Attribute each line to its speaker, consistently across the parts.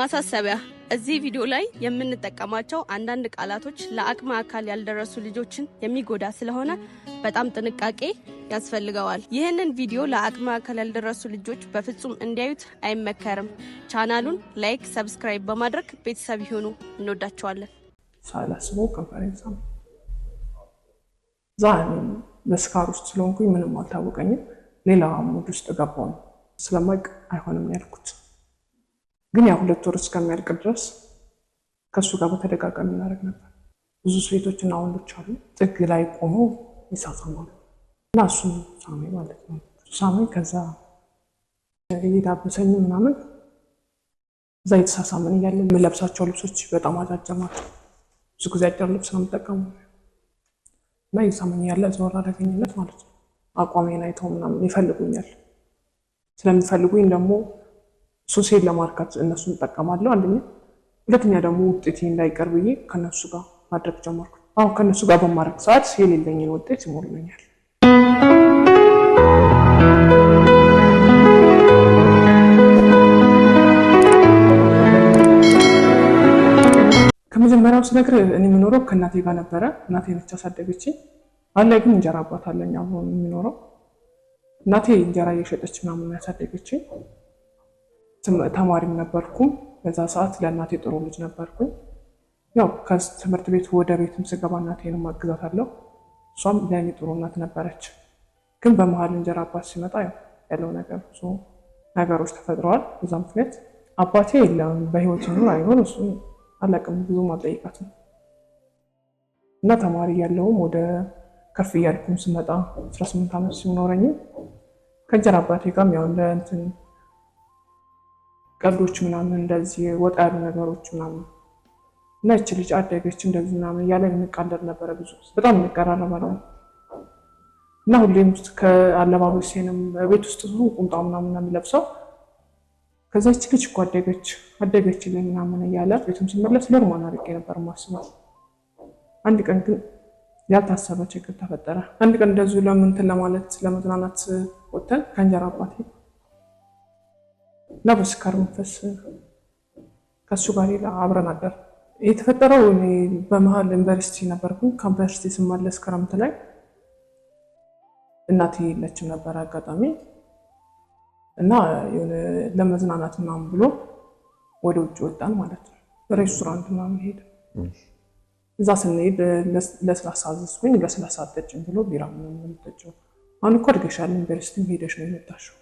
Speaker 1: ማሳሰቢያ እዚህ ቪዲዮ ላይ የምንጠቀማቸው አንዳንድ ቃላቶች ለአቅመ አካል ያልደረሱ ልጆችን የሚጎዳ ስለሆነ በጣም ጥንቃቄ ያስፈልገዋል። ይህንን ቪዲዮ ለአቅመ አካል ያልደረሱ ልጆች በፍጹም እንዲያዩት አይመከርም። ቻናሉን ላይክ፣ ሰብስክራይብ በማድረግ ቤተሰብ ይሆኑ። እንወዳቸዋለን።
Speaker 2: ሳላስበው ከባድ ዛሬ በስካር ውስጥ ስለሆንኩኝ ምንም አልታወቀኝም። ሌላ ሙድ ውስጥ ገባው ነው ስለማቅ አይሆንም ያልኩት ግን ያ ሁለት ወር እስከሚያልቅ ድረስ ከእሱ ጋር በተደጋጋሚ እናደርግ ነበር። ብዙ ሴቶችና ወንዶች አሉ ጥግ ላይ ቆመው ይሳሳማሉ እና እሱ ሳሜ ማለት ነው። ሳሜ ከዛ እየዳበሰኝ ምናምን እዛ እየተሳሳምን እያለ የምለብሳቸው ልብሶች በጣም አጫጭር ብዙ ጊዜ አጭር ልብስ ነው የምጠቀሙ እና እየሳመኝ ያለ ዘወር አደገኝነት ማለት ነው። አቋሜን አይተው ምናምን ይፈልጉኛል። ስለሚፈልጉኝ ደግሞ ሱሴን ለማርካት እነሱን እጠቀማለሁ። አንደኛ፣ ሁለተኛ ደግሞ ውጤቴ እንዳይቀር ብዬ ከነሱ ጋር ማድረግ ጀመርኩ። አሁን ከነሱ ጋር በማድረግ ሰዓት የሌለኝን ውጤት ይሞሉኛል። ከመጀመሪያው ስነግር እኔ የምኖረው ከእናቴ ጋር ነበረ። እናቴ ነች ያሳደገችኝ። አለ ግን እንጀራ አባት አለኝ። አሁን የሚኖረው እናቴ እንጀራ እየሸጠች ምናምን ያሳደገችኝ ተማሪም ነበርኩ በዛ ሰዓት ለእናቴ ጥሩ ልጅ ነበርኩኝ። ያው ከትምህርት ቤቱ ወደ ቤትም ስገባ እናቴንም አግዛታለሁ። እሷም ለእኔ ጥሩ እናት ነበረች። ግን በመሀል እንጀራ አባት ሲመጣ ያለው ነገር ብዙ ነገሮች ተፈጥረዋል። በዛ ምክንያት አባቴ የለም በህይወት ይኑር አይኖር እሱ አላቅም፣ ብዙ አልጠይቃትም እና ተማሪ ያለውም ወደ ከፍ እያልኩም ስመጣ 18 ዓመት ሲኖረኝ ከእንጀራ አባቴ ጋርም ያው እንደ እንትን ቀልዶች ምናምን እንደዚህ ወጣ ያሉ ነገሮች ምናምን እና ይቺ ልጅ አደገች እንደዚህ ምናምን እያለ እንቃለድ ነበረ። ብዙ በጣም እንቀራረባለን እና ሁሌም ውስጥ ከአለባበሴንም ቤት ውስጥ ብዙ ቁምጣ ምናምን የሚለብሰው ከዛ ይቺ ልጅ እኮ አደገች አደገች ላይ ምናምን እያለ ቤቱም ስመለስ ኖርማል አድርጌ ነበር ማስበው። አንድ ቀን ግን ያልታሰበ ችግር ተፈጠረ። አንድ ቀን እንደዚሁ ለምንትን ለማለት ለመዝናናት ወጥተን ከእንጀራ አባቴ እና በስካር መንፈስ ከሱ ጋር ሌላ አብረ አደር። የተፈጠረው እኔ በመሀል ዩኒቨርሲቲ ነበርኩ። ከዩኒቨርሲቲ ስመለስ ክረምት ላይ እናቴ የለችም ነበር አጋጣሚ እና ለመዝናናት ምናምን ብሎ ወደ ውጭ ወጣን ማለት ነው። ሬስቶራንት ምናምን ሄድ። እዛ ስንሄድ ለስላሳ አዘዝኩኝ። ለስላሳ አጠጭም ብሎ ቢራ ምናምን የምጠጭው አሁን እኮ አድገሻል፣ ዩኒቨርሲቲ ሄደሽ ነው የመጣሽው፣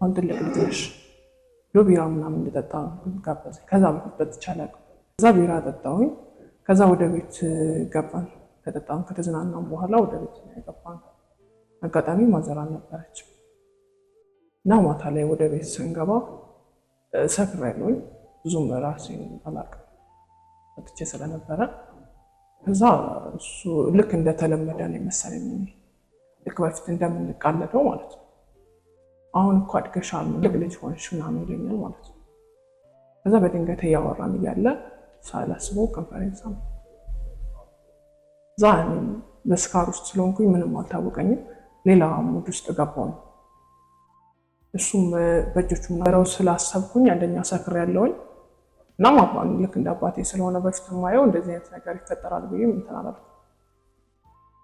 Speaker 2: አሁን ትልቅ ልትነሽ ዶ ቢራ ምናምን እንድጠጣ ጋበዘ። ከዛ ጠጥቼ አላውቅም። ከዛ ቢራ ጠጣሁኝ። ከዛ ወደ ቤት ገባን። ከጠጣም ከተዝናናም በኋላ ወደ ቤት ገባን። አጋጣሚ ማዘር አልነበረችም እና ማታ ላይ ወደ ቤት ስንገባ ሰክሬያለሁኝ። ብዙም ራሴን አላውቅም ጠጥቼ ስለነበረ ከዛ እሱ ልክ እንደተለመደ ነው የመሰለኝ ልክ በፊት እንደምንቃለደው ማለት ነው አሁን እኮ አድገሻል ትልቅ ልጅ ሆንሽ ምናምን ይለኛል ማለት ነው። ከዛ በድንገት እያወራን እያለ ሳላስበው ኮንፈረንስ ነው። እዛ በስካር ውስጥ ስለሆንኩኝ ምንም አልታወቀኝም። ሌላ ሙድ ውስጥ ገባው። ነው እሱም በእጆቹ ምናረው ስላሰብኩኝ አንደኛ ሰክር ያለውኝ እና ማባን ልክ እንደ አባቴ ስለሆነ በፊት ማየው እንደዚህ አይነት ነገር ይፈጠራል ብዬ እንትን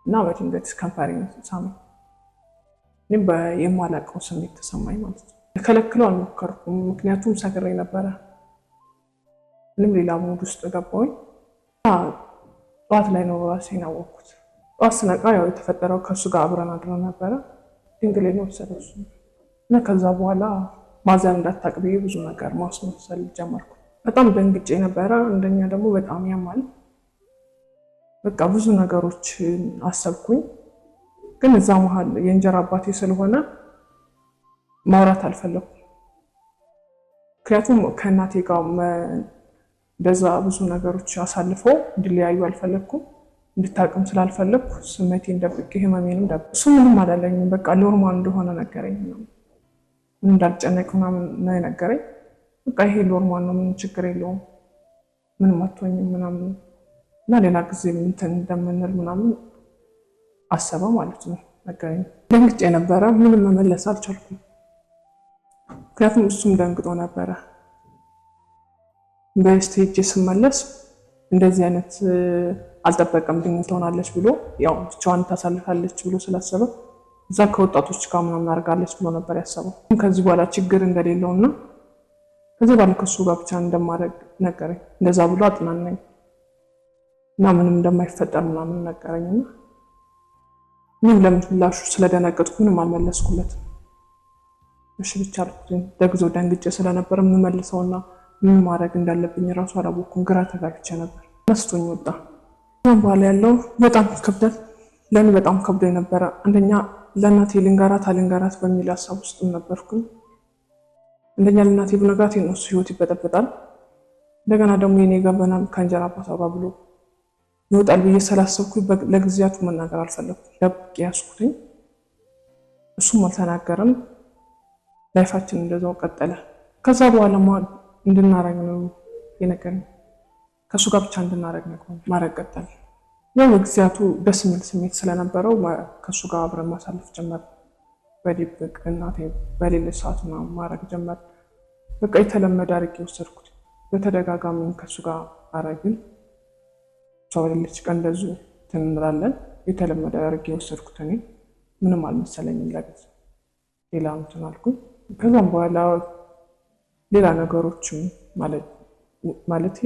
Speaker 2: እና በድንገት ከንፈሬን ሳመኝ። ግን የማላቀው ስሜት ተሰማኝ ማለት ነው። ከለክለው አልሞከርኩም፣ ምክንያቱም ሰክሬ ነበረ። ምንም ሌላ ሙድ ውስጥ ገባሁኝ። ጠዋት ላይ ነው ራሴን አወቅኩት። ጠዋት ስነቃ ያው የተፈጠረው ከእሱ ጋር አብረን አድረ ነበረ። ድንግሌን ወሰደው እሱ እና ከዛ በኋላ ማዘን እንዳታቅቤ ብዙ ነገር ማስመሰል ጀመርኩ። በጣም ደንግጬ ነበረ። አንደኛ ደግሞ በጣም ያማል። በቃ ብዙ ነገሮች አሰብኩኝ። ግን እዛ መሀል የእንጀራ አባቴ ስለሆነ ማውራት አልፈለኩም። ምክንያቱም ከእናቴ ጋር እንደዛ ብዙ ነገሮች አሳልፎ እንድለያዩ አልፈለግኩም። እንድታቅም ስላልፈለግኩ ስሜቴን ደብቄ ህመሜንም ደብ እሱ ምንም አላለኝም። በቃ ኖርማል እንደሆነ ነገረኝ። ምን እንዳልጨነቅ ምናምን ነው የነገረኝ። በቃ ይሄ ኖርማል ነው፣ ምንም ችግር የለውም፣ ምንም አትሆኝም ምናምን እና ሌላ ጊዜ እንትን እንደምንል ምናምን አሰበ ማለት ነው። መገናኘት ደንግጬ ነበረ። ምንም መመለስ አልቻልኩም። ምክንያቱም እሱም ደንግጦ ነበረ። ዩኒቨርሲቲ ሄጄ ስመለስ እንደዚህ አይነት አልጠበቀም ድኝ ትሆናለች ብሎ ያው ብቻዋን ታሳልፋለች ብሎ ስላሰበ እዛ ከወጣቶች ጋር ምናምን አድርጋለች ብሎ ነበር ያሰበው። ከዚህ በኋላ ችግር እንደሌለውና ከዚህ በኋላ ከሱ ጋር ብቻ እንደማደርግ ነገረኝ። እንደዛ ብሎ አጥናናኝ እና ምንም እንደማይፈጠር ምናምን ነገረኝና እኔም ለምን ምላሹ ስለደነገጥኩ ምንም አልመለስኩለት። እሺ ብቻ አልኩኝ። ለጊዜው ደንግጬ ስለነበር የምመልሰውና ምን ማድረግ እንዳለብኝ ራሱ አላወኩም። ግራ ተጋብቼ ነበር። መስቶኝ ወጣ። ከዛም በኋላ ያለው በጣም ክብደት ለእኔ በጣም ከብዶ ነበረ። አንደኛ ለእናቴ ልንጋራት አልንጋራት በሚል ሀሳብ ውስጥም ነበርኩኝ። አንደኛ ለእናቴ ብነግራት የነሱ ህይወት ይበጠበጣል። እንደገና ደግሞ የኔ ገበናም ከእንጀራ አባቷ ብሎ ይወጣል ብዬ ስላሰብኩኝ ለጊዜያቱ መናገር አልፈለኩም። ደብቄ ያዝኩትኝ። እሱም አልተናገርም። ላይፋችን እንደዛው ቀጠለ። ከዛ በኋላ እንድናረግ ነው የነገር ከእሱ ጋር ብቻ እንድናረግ ነው ማድረግ ቀጠለ። ያው በጊዜያቱ ደስ የሚል ስሜት ስለነበረው ከእሱ ጋር አብረን ማሳለፍ ጀመር። በድብቅ እናቴ በሌለች ሰዓት ማድረግ ጀመር። በቃ የተለመደ አድርጌ ወሰድኩት። በተደጋጋሚ ከእሱ ጋር አረግን። ሰበሌለች ቀን እንደዚሁ እንትን የተለመደ አድርጌ የወሰድኩት እኔ ምንም አልመሰለኝም። ለግዝ ሌላ እንትን አልኩኝ። ከዛም በኋላ ሌላ ነገሮችም ማለት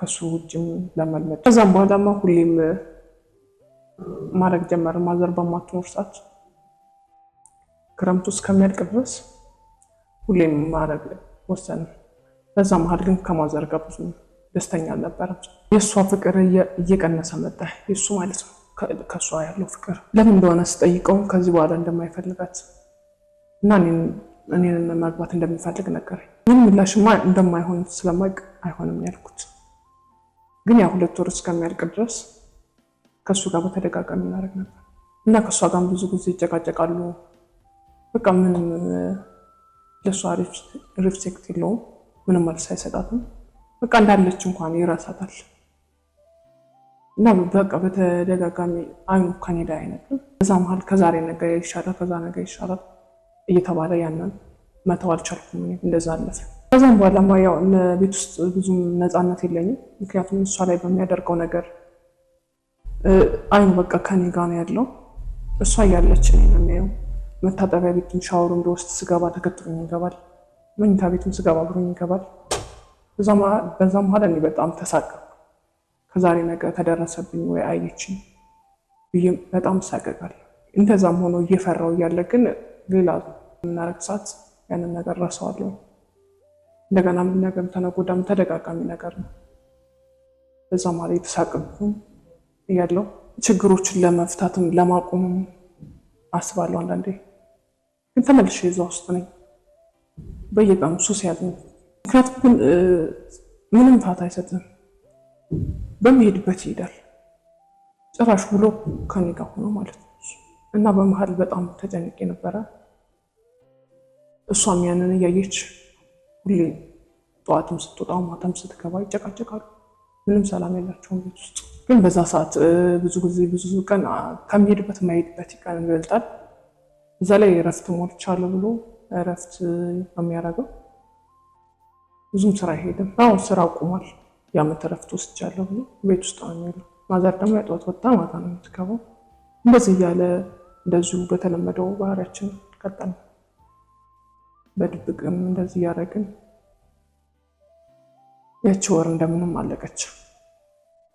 Speaker 2: ከሱ ውጭም ለመልመድ ከዛም በኋላማ ሁሌም ማድረግ ጀመርን። ማዘር በማትኖር ሰዓት ክረምቱ እስከሚያልቅ ድረስ ሁሌም ማድረግ ወሰንን። በዛ መሀል ግን ከማዘር ጋር ብዙ ደስተኛ አልነበረም። የእሷ ፍቅር እየቀነሰ መጣ። የእሱ ማለት ነው ከእሷ ያለው ፍቅር ለምን እንደሆነ ስጠይቀው ከዚህ በኋላ እንደማይፈልጋት እና እኔን መግባት እንደሚፈልግ ነገር ይህም ምላሽማ እንደማይሆን ስለማቅ አይሆንም ያልኩት ግን ያ ሁለት ወር እስከሚያልቅ ድረስ ከእሱ ጋር በተደጋጋሚ እናደርግ ነበር እና ከእሷ ጋር ብዙ ጊዜ ይጨቃጨቃሉ። በቃ ምንም ለእሷ ሪፍሴክት የለውም። ምንም መልስ አይሰጣትም። በቃ እንዳለች እንኳን ይረሳታል። እና በቃ በተደጋጋሚ አይኑ ከኔዳ አይነት በዛ መሀል ከዛሬ ነገ ይሻላል፣ ከዛ ነገ ይሻላል እየተባለ ያንን መተው አልቻልኩም። እንደዛ አለፈ። ከዛም በኋላማ ያው ቤት ውስጥ ብዙም ነፃነት የለኝም። ምክንያቱም እሷ ላይ በሚያደርገው ነገር አይኑ በቃ ከኔ ጋ ነው ያለው። እሷ እያለች ነው የሚያየው። መታጠቢያ ቤትም ሻወሩ እንደውስጥ ስገባ ተከትሎኝ ይገባል። መኝታ ቤትም ስገባ አብሮኝ ይገባል። በዛ መሀል እኔ በጣም ተሳቀቅኩ። ከዛሬ ነገ ተደረሰብኝ ወይ አይችኝ ብዬ በጣም እሳቀቃለሁ። እንደዛም ሆኖ እየፈራው እያለ ግን ሌላ የምናረግ ሰዓት ያንን ነገር ረሳዋለሁ። እንደገና ምን ነገር ተነጎዳም ተደጋጋሚ ነገር ነው። በዛ መሀል የተሳቀቅኩ እያለው ችግሮችን ለመፍታትም ለማቆምም አስባለሁ። አንዳንዴ ግን ተመልሼ እዛ ውስጥ ነኝ። በየቀኑ ሱስ ያለኝ ምክንያቱም ምንም ፋታ አይሰጥም። በሚሄድበት ይሄዳል። ጭራሽ ብሎ ከኔ ጋር ሆኖ ማለት ነው። እና በመሀል በጣም ተጨንቄ ነበረ። እሷም ያንን እያየች ሁሌ ጠዋትም ስትወጣ ማታም ስትገባ ይጨቃጨቃሉ። ምንም ሰላም የላቸውም ቤት ውስጥ። ግን በዛ ሰዓት ብዙ ጊዜ ብዙ ቀን ከሚሄድበት ማሄድበት ቀን ይበልጣል። እዛ ላይ እረፍት ሞልቻለሁ ብሎ እረፍት ነው የሚያደርገው ብዙም ስራ አይሄድም። አሁን ስራ አቁሟል። የአመት እረፍት ወስጃለሁ ብሎ ቤት ውስጥ ነው የሚውለው። ማዘር ደግሞ ያጠዋት ወጥታ ማታ ነው የምትገባው። እንደዚህ እያለ እንደዚሁ በተለመደው ባህሪያችን ቀጠል። በድብቅም እንደዚህ እያደረግን ያቺ ወር እንደምንም አለቀች።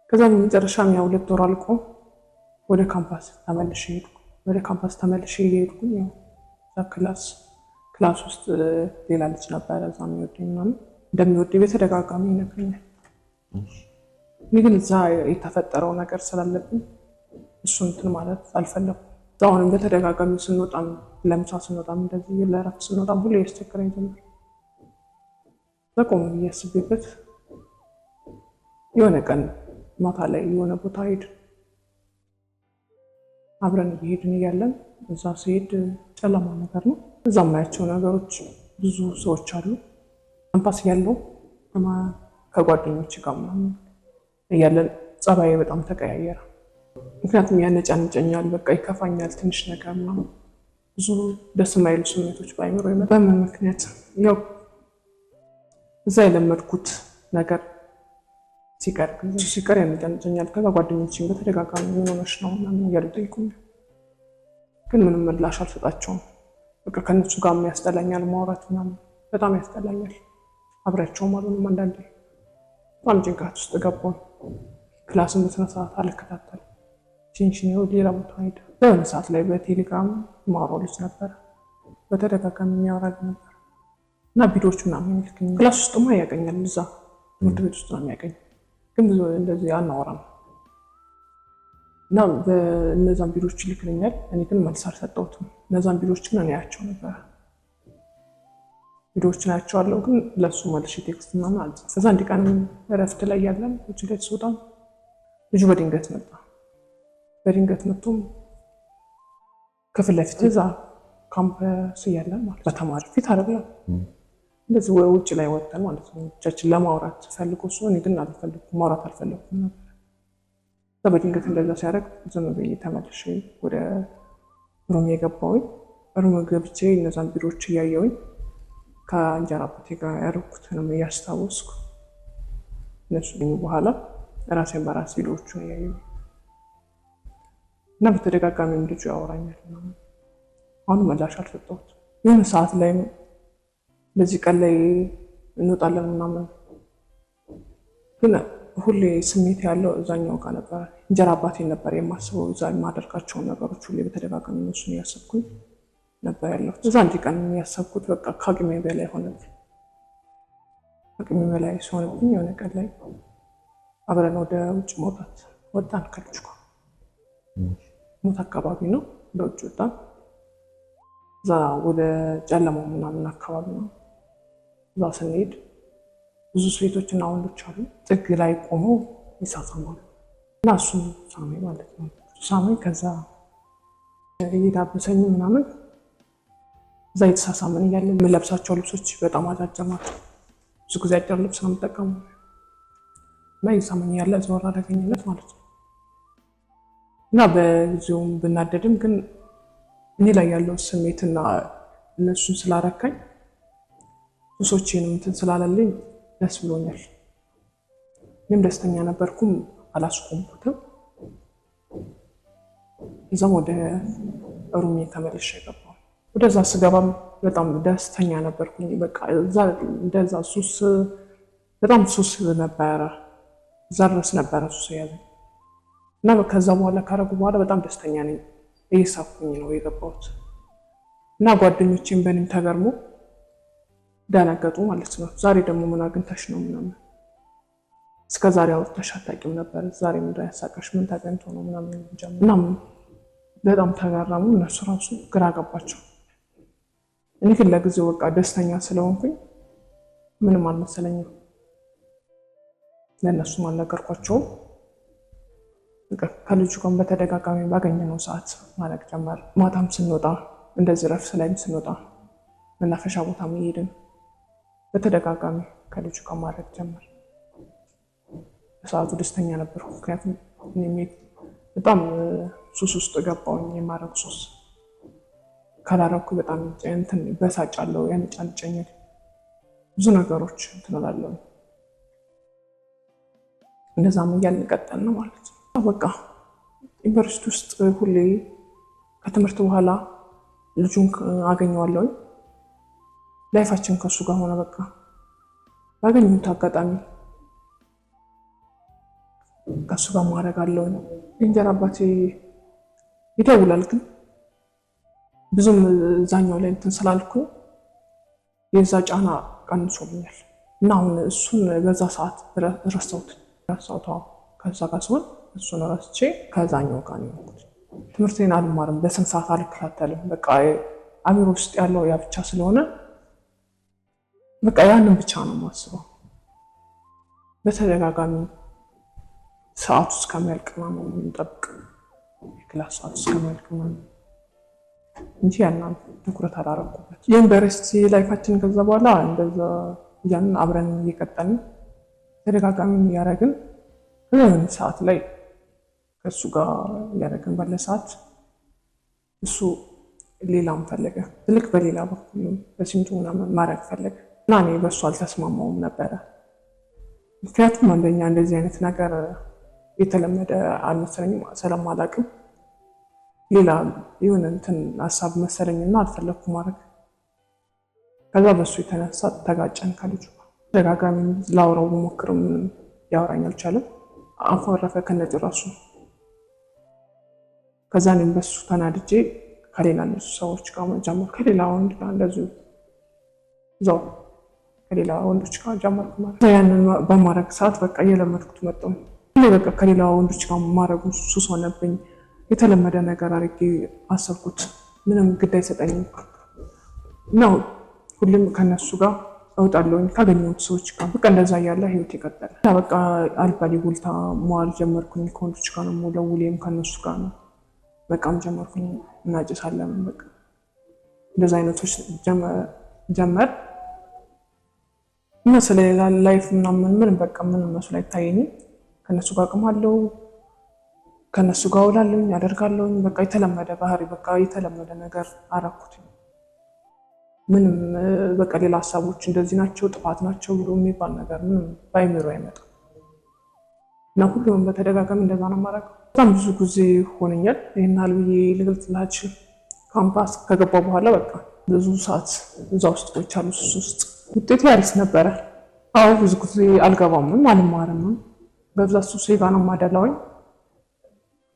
Speaker 2: ከዛ በመጨረሻም ያ ሁለት ወር አልቆ ወደ ካምፓስ ተመልሼ ሄድኩ። ወደ ካምፓስ ተመልሼ እየሄድኩ ክላስ ክላስ ውስጥ ሌላ ልጅ ነበረ እዛ የሚወደኝ ምናምን እንደሚወድ በተደጋጋሚ ይነግረኛል። እኔ ግን እዛ የተፈጠረው ነገር ስላለብኝ እሱ እንትን ማለት አልፈለኩም። አሁንም በተደጋጋሚ ስንወጣም፣ ለምሳ ስንወጣም፣ እንደዚህ ለእረፍት ስንወጣም ሁሉ ያስቸግረኝ ጀመር። በቆሙ እያስቤበት የሆነ ቀን ማታ ላይ የሆነ ቦታ ሄድ አብረን እየሄድን እያለን እዛ ሲሄድ ጨለማ ነገር ነው። እዛ የማያቸው ነገሮች ብዙ ሰዎች አሉ አምባሲ ያለው ከጓደኞች ጋር ምናምን እያለን ጸባዬ በጣም ተቀያየረ። ምክንያቱም ያነጫንጨኛል፣ በቃ ይከፋኛል፣ ትንሽ ነገር ምናምን ብዙ ደስ የማይሉ ስሜቶች ባይኖር ይመ በምን ምክንያት ያው እዛ የለመድኩት ነገር ሲቀር ሲቀር ያነጫንጨኛል። ከዛ ጓደኞች በተደጋጋሚ ምን ሆነሽ ነው ምናምን እያሉ ጠይቁኛል፣ ግን ምንም ምላሽ አልሰጣቸውም። በቃ ከነሱ ጋር ያስጠላኛል ማውራት ምናምን በጣም ያስጠላኛል። አብሬያቸውም አልሆንም። አንዳንዴ በጣም ጭንቀት ውስጥ ገባሁ። ክላስን በስነ ስርዓት አልከታተል ሽንሽኔ ሌላ ቦታ ሄደ። በሆነ ሰዓት ላይ በቴሌግራም ማውራው ልጅ ነበረ፣ በተደጋጋሚ የሚያወራል ነበር እና ቪዲዮዎቹ ምናምን የሚልክኝ ክላስ ውስጥማ ያገኛል፣ እዛ ትምህርት ቤት ውስጥ ነው የሚያገኝ፣ ግን ብዙ እንደዚህ አናወራም እና እነዛን ቪዲዮዎች ይልክልኛል። እኔ ግን መልስ አልሰጠሁትም። እነዛን ቪዲዮዎች ግን እኔ ያቸው ነበረ ቪዲዮዎች ናያቸዋለሁ፣ ግን ለሱ መልሽ ቴክስት ምናምን አለ። እዛ አንድ ቀን እረፍት ላይ ያለን ውጭ ላይ ስወጣ ልጁ በድንገት መጣ። በድንገት መጥቶም ክፍል ለፊት እዛ ካምፐስ እያለን ማለት በተማሪ ፊት አደረግለ እንደዚህ ውጭ ላይ ወጥተን ማለት ነው ብቻችን ለማውራት ፈልጎ ሲሆን ግን አልፈለኩም፣ ማውራት አልፈለኩም ነበር። እዛ በድንገት እንደዛ ሲያደርግ ዝም ብዬ ተመልሼ ወደ ሩም የገባውኝ ሩም ገብቼ እነዛን ቢሮዎች እያየውኝ ከእንጀራ አባቴ ጋር ያደረኩትንም እያስታወስኩ እነሱ በኋላ ራሴን በራሴ ቪዲዮቹ ያዩ እና በተደጋጋሚም ልጁ ያወራኛል። አሁን መላሽ አልሰጠሁት። ይህን ሰዓት ላይ በዚህ ቀን ላይ እንወጣለን ምናምን፣ ግን ሁሌ ስሜት ያለው እዛኛው ጋር ነበረ። እንጀራ አባቴ ነበር የማስበው። እዛ የማደርጋቸውን ነገሮች ሁሌ በተደጋጋሚ እነሱን እያሰብኩኝ ነበር ያለው እዛ አንድ ቀን ያሰብኩት በቃ ከአቅሜ በላይ ሆነብኝ። አቅሜ በላይ ሲሆንብኝ የሆነ ቀን ላይ አብረን ወደ ውጭ መውጣት ወጣን። ከልጅ ሞት አካባቢ ነው፣ ወደ ውጭ ወጣን። እዛ ወደ ጨለማው ምናምን አካባቢ ነው። እዛ ስንሄድ ብዙ ሴቶችና ወንዶች አሉ፣ ጥግ ላይ ቆመው ይሳሳማሉ። እና እሱም ሳሜ ማለት ነው። ሳሜ ከዛ እየዳበሰኝ ምናምን እዛ የተሳሳምን እያለ የምለብሳቸው ልብሶች በጣም አጫጭር ናቸው። ብዙ ጊዜ አጭር ልብስ ነው የምጠቀሙ እና የተሳምን እያለ ዘወር አደገኝነት ማለት ነው እና በዚሁም ብናደድም ግን እኔ ላይ ያለውን ስሜትና እነሱን ስላረካኝ ሱሶቼንም እንትን ስላለልኝ ደስ ብሎኛል። እኔም ደስተኛ ነበርኩም አላስቆምኩትም። እዛም ወደ ሩሜ ተመልሼ ገባ ወደዛ ስገባም በጣም ደስተኛ ነበርኩኝ። በቃ እዛ እንደዛ ሱስ በጣም ሱስ ነበረ፣ እዛ ድረስ ነበረ ሱስ ያዘ እና ከዛ በኋላ ካረጉ በኋላ በጣም ደስተኛ ነኝ። እየሳኩኝ ነው የገባሁት እና ጓደኞቼም በእኔም ተገርሞ ደነገጡ ማለት ነው። ዛሬ ደግሞ ምን አግኝተሽ ነው ምናምን እስከ ዛሬ አውጥተሽ አታውቂም ነበር፣ ዛሬ ምንድን ያሳቀሽ? ምን ተገኝቶ ነው ምናምን እና በጣም ተገረሙ። እነሱ ራሱ ግራ ገባቸው። እኔ ግን ለጊዜው በቃ ደስተኛ ስለሆንኩኝ ምንም አልመሰለኝም። ለእነሱም አልነገርኳቸውም። ከልጁ ጋር በተደጋጋሚ ባገኘነው ሰዓት ማድረግ ጀመር። ማታም ስንወጣ እንደዚህ ረፍት ላይም ስንወጣ መናፈሻ ቦታ መሄድን በተደጋጋሚ ከልጁ ጋር ማድረግ ጀመር። በሰዓቱ ደስተኛ ነበርኩ። ምክንያቱም በጣም ሱስ ውስጥ ገባሁኝ የማድረግ ሱስ ካላረኩ በጣም እንትን በሳጫለሁ፣ ያነጫንጨኛል፣ ብዙ ነገሮች ትላላለሁ። እንደዛም እያልን ቀጠል ነው ማለት ነው። በቃ ዩኒቨርሲቲ ውስጥ ሁሌ ከትምህርት በኋላ ልጁን አገኘዋለሁ። ላይፋችን ከሱ ጋር ሆነ። በቃ ባገኘሁት አጋጣሚ ከሱ ጋር ማድረግ አለው። የእንጀራ አባቴ ይደውላል ግን ብዙም እዛኛው ላይ እንትን ስላልኩኝ የዛ ጫና ቀንሶልኛል እና አሁን እሱን በዛ ሰዓት ረሳሁት ረሳሁት። ከዛ ጋር ሲሆን እሱን ረስቼ ከዛኛው ጋር ነው ትምህርቴን አልማርም፣ በስንት ሰዓት አልከታተልም። በቃ አሚሮ ውስጥ ያለው ያ ብቻ ስለሆነ በቃ ያንን ብቻ ነው የማስበው። በተደጋጋሚ ሰዓቱ እስከሚያልቅ ነው የምንጠብቅ፣ የክላስ ሰዓቱ እስከሚያልቅ ነው እንጂ ያናን ትኩረት አላረኩበት። የዩኒቨርሲቲ ላይፋችን ከዛ በኋላ እንደዛ እያንን አብረን እየቀጠልን ተደጋጋሚ እያደረግን የሆነ ሰዓት ላይ ከእሱ ጋር እያደረግን ባለ ሰዓት እሱ ሌላም ፈለገ ትልቅ በሌላ በኩል በሲምቱ ምናምን ማድረግ ፈለገ እና እኔ በእሱ አልተስማማውም ነበረ። ምክንያቱም አንደኛ እንደዚህ አይነት ነገር የተለመደ አልመሰለኝም ስለማላውቅም ሌላ የሆነ እንትን ሀሳብ መሰለኝ እና አልፈለግኩ ማድረግ። ከዛ በሱ የተነሳ ተጋጨን ከልጁ ተደጋጋሚ ላውራው ሞክረው ምንም ያወራኝ አልቻለም። አንፎረፈ ከነጭ ራሱ ከዛ እኔም በሱ ተናድጄ ከሌላ እነሱ ሰዎች ጋር መጀመር ከሌላ ወንድ ጋር እንደዚሁ እዛው ከሌላ ወንዶች ጋር ጀመርኩ ማለት ያንን በማድረግ ሰዓት በቃ እየለመድኩት መጣሁ። በቃ ከሌላ ወንዶች ጋር ማድረጉ ሱስ ሆነብኝ። የተለመደ ነገር አድርጌ አሰብኩት። ምንም ግድ አይሰጠኝም ነው። ሁሌም ከነሱ ጋር እወጣለሁኝ ካገኘሁት ሰዎች ጋር በቃ እንደዛ እያለ ህይወት ይቀጠል። በቃ አልባሌ ቦታ መዋል ጀመርኩኝ። ከወንዶች ጋር ነው የምውለው፣ ውሌም ከነሱ ጋር ነው። በቃም ጀመርኩኝ፣ እናጭሳለን። በቃ እንደዛ አይነቶች ጀመር እና ላይፍ ምናምን ምን በቃ ምን መስሎ አይታየኝም። ከነሱ ጋር አቅም አለው ከነሱ ጋር ውላለሁኝ አደርጋለሁኝ። በቃ የተለመደ ባህሪ፣ በቃ የተለመደ ነገር አረኩት። ምንም በቃ ሌላ ሀሳቦች እንደዚህ ናቸው ጥፋት ናቸው ብሎ የሚባል ነገር ምንም በአይምሮ አይመጣም እና ሁሉም በተደጋጋሚ እንደዛ ነው የማደርገው። በጣም ብዙ ጊዜ ሆነኛል። ይህን ያህል ብዬ ልገልጽልህ ካምፓስ ከገባ በኋላ በቃ ብዙ ሰዓት እዛ ውስጥ ቆይቻለሁ። ሱስ ውስጥ ውጤቱ ያሪፍ ነበረ። አዎ ብዙ ጊዜ አልገባምም አልማርምም። በብዛት ሱሴ ጋ ነው ማደላውኝ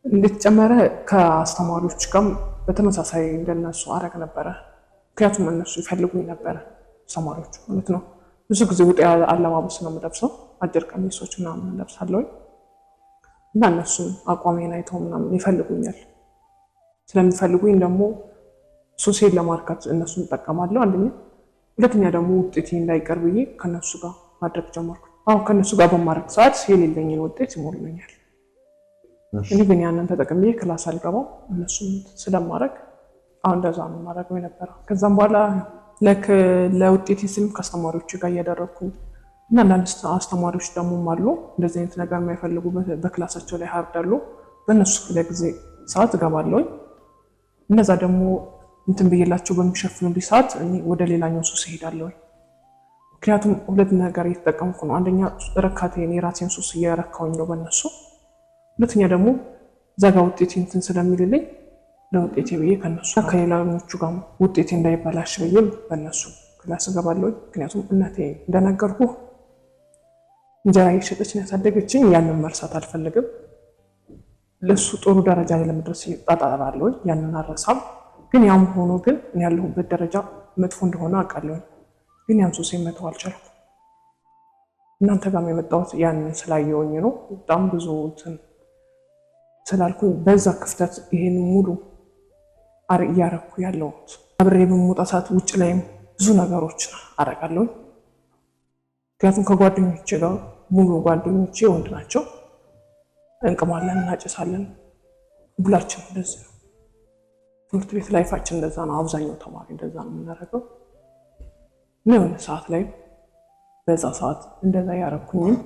Speaker 2: እንደተጨመረ ከአስተማሪዎች ጋር በተመሳሳይ እንደነሱ አረግ ነበረ። ምክንያቱም እነሱ ይፈልጉኝ ነበረ ተማሪዎቹ ማለት ነው። ብዙ ጊዜ ውጤ አለባበስ ነው የምለብሰው፣ አጭር ቀሚሶች ምናምን ለብሳለሁ እና እነሱም አቋሜን አይተው ምናምን ይፈልጉኛል። ስለሚፈልጉኝ ደግሞ ሱሴን ለማርካት እነሱን እጠቀማለሁ አንደኛ፣ ሁለተኛ ደግሞ ውጤቴ እንዳይቀር ብዬ ከነሱ ጋር ማድረግ ጀመርኩ። አሁን ከነሱ ጋር በማድረግ ሰዓት የሌለኝን ውጤት ይሞሉኛል። እኔ ግን ያንን ተጠቅሜ ክላስ አልገባም። እነሱም ስለማድረግ አሁን እንደዛ ነው ማድረግ የነበረው። ከዛም በኋላ ለውጤት ስም ከአስተማሪዎች ጋር እያደረግኩ እና አንዳንድ አስተማሪዎች ደግሞ አሉ እንደዚህ አይነት ነገር የማይፈልጉ በክላሳቸው ላይ ሀርዳሉ። በእነሱ ክፍለ ጊዜ ሰዓት እገባለሁኝ። እነዛ ደግሞ እንትን ብዬላቸው በሚሸፍኑልኝ ሰዓት ወደ ሌላኛው ሱስ እሄዳለሁኝ። ምክንያቱም ሁለት ነገር እየተጠቀምኩ ነው። አንደኛ ረካቴን የራሴን ሱስ እየረካውኝ ነው በእነሱ ሁለተኛ ደግሞ ዘጋ ውጤት እንትን ስለሚልልኝ ለውጤቴ ብዬ ከነሱ ከሌላኞቹ ጋር ውጤቴ እንዳይበላሽ ብዬ በነሱ ክላስ ምክንያቱም እናቴ እንደነገርኩ እንጀራ እየሸጠችን ያሳደገችኝ። ያንን መርሳት አልፈልግም። ለሱ ጥሩ ደረጃ ላይ ለመድረስ እጣጣራለሁ። ያንን አረሳም። ግን ያም ሆኖ ግን እኔ ያለሁበት ደረጃ መጥፎ እንደሆነ አውቃለሁ። ግን ያን ሱሴ መተው አልቻልኩም። እናንተ ጋርም የመጣሁት ያንን ስላየሁኝ ነው። በጣም ብዙ እንትን ስላልኩኝ በዛ ክፍተት ይሄን ሙሉ አር እያረኩ ያለሁት አብሬ በምወጣ ውጭ ላይም ብዙ ነገሮች አረጋለሁ። ምክንያቱም ከጓደኞች ጋር ሙሉ ጓደኞቼ ወንድ ናቸው። እንቅማለን፣ እናጭሳለን። ሁላችን እንደዚህ ነው። ትምህርት ቤት ላይፋችን እንደዛ ነው። አብዛኛው ተማሪ እንደዛ ነው የምናደርገው እና የሆነ ሰዓት ላይ በዛ ሰዓት እንደዛ ያረኩኝም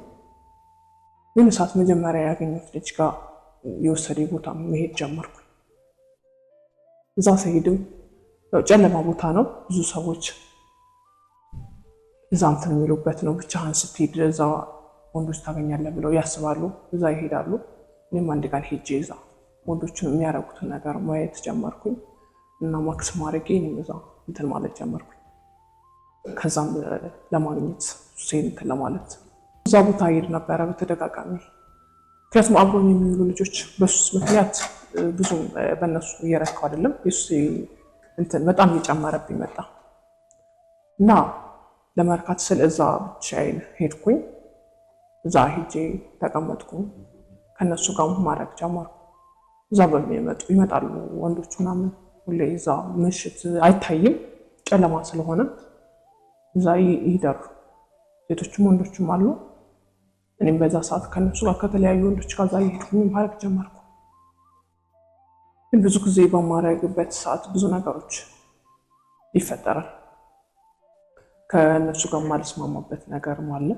Speaker 2: የሆነ ሰዓት መጀመሪያ ያገኘሁት ልጅ ጋር የወሰደ ቦታ መሄድ ጀመርኩ። እዛ ሲሄድም ያው ጨለማ ቦታ ነው፣ ብዙ ሰዎች እዛ እንትን የሚሉበት ነው። ብቻህን ስትሄድ እዛ ወንዶች ታገኛለህ ብለው ያስባሉ፣ እዛ ይሄዳሉ። እኔም አንድ ቀን ሄጄ እዛ ወንዶችን የሚያደርጉትን ነገር ማየት ጀመርኩኝ እና ማክስ ማድረጌ እኔም እዛ እንትን ማለት ጀመርኩኝ። ከዛም ለማግኘት ሴ እንትን ለማለት እዛ ቦታ ሄድ ነበረ በተደጋጋሚ ምክንያቱም አብሮኝ የሚውሉ ልጆች በሱስ ምክንያት ብዙ በእነሱ እየረካው አይደለም። የሱስ እንትን በጣም እየጨመረብኝ መጣ እና ለመርካት ስል እዛ ብቻዬን ሄድኩኝ። እዛ ሄጄ ተቀመጥኩ። ከእነሱ ጋር ማድረግ ጀመርኩ። እዛ በሚመጡ ይመጣሉ ወንዶች ምናምን ሁሌ እዛ ምሽት አይታይም፣ ጨለማ ስለሆነ እዛ ይደሩ ሴቶችም ወንዶችም አሉ። እኔም በዛ ሰዓት ከነሱ ጋር ከተለያዩ ወንዶች ጋር እዛ እየሄድኩ ማድረግ ጀመርኩ። ግን ብዙ ጊዜ በማድረግበት ሰዓት ብዙ ነገሮች ይፈጠራል። ከእነሱ ጋር የማልስማማበት ነገርም አለ።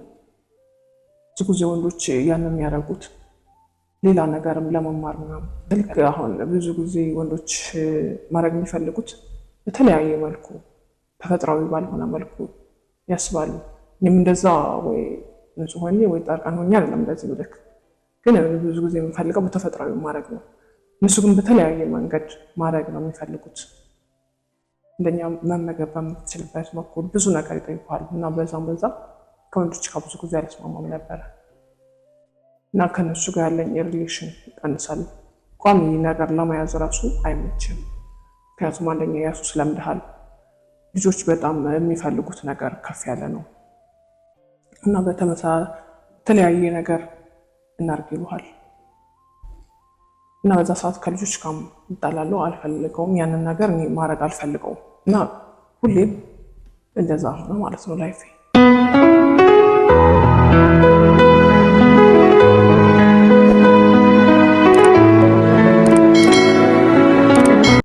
Speaker 2: ብዙ ጊዜ ወንዶች ያንን የሚያደርጉት ሌላ ነገርም ለመማር ምናምን ልክ አሁን ብዙ ጊዜ ወንዶች ማድረግ የሚፈልጉት በተለያየ መልኩ ተፈጥሯዊ ባልሆነ መልኩ ያስባሉ። እኔም እንደዛ ወይ ንጹህ ሆኜ ወይ ጣርቃን ሆኜ አይደለም እንደዚህ ምልክ ግን ብዙ ጊዜ የምፈልገው በተፈጥሯዊ ማድረግ ነው። እነሱ ግን በተለያየ መንገድ ማድረግ ነው የሚፈልጉት። እንደኛ መመገብ በምትችልበት በኩል ብዙ ነገር ይጠይቋል እና በዛም በዛ ከወንዶች ጋር ብዙ ጊዜ አልስማማም ነበረ እና ከነሱ ጋር ያለኝ ሪሌሽን ይቀንሳል። ቋሚ ነገር ለመያዝ ራሱ አይመችም። ምክንያቱም አንደኛ ያሱ ስለምድሃል ልጆች በጣም የሚፈልጉት ነገር ከፍ ያለ ነው። እና ተለያየ ነገር እናርግ ይሉሃል እና በዛ ሰዓት ከልጆች ጋር እጣላለሁ። አልፈልገውም፣ ያንን ነገር እኔ ማድረግ አልፈልገውም እና ሁሌም እንደዛ ሆነ ማለት ነው ላይፌ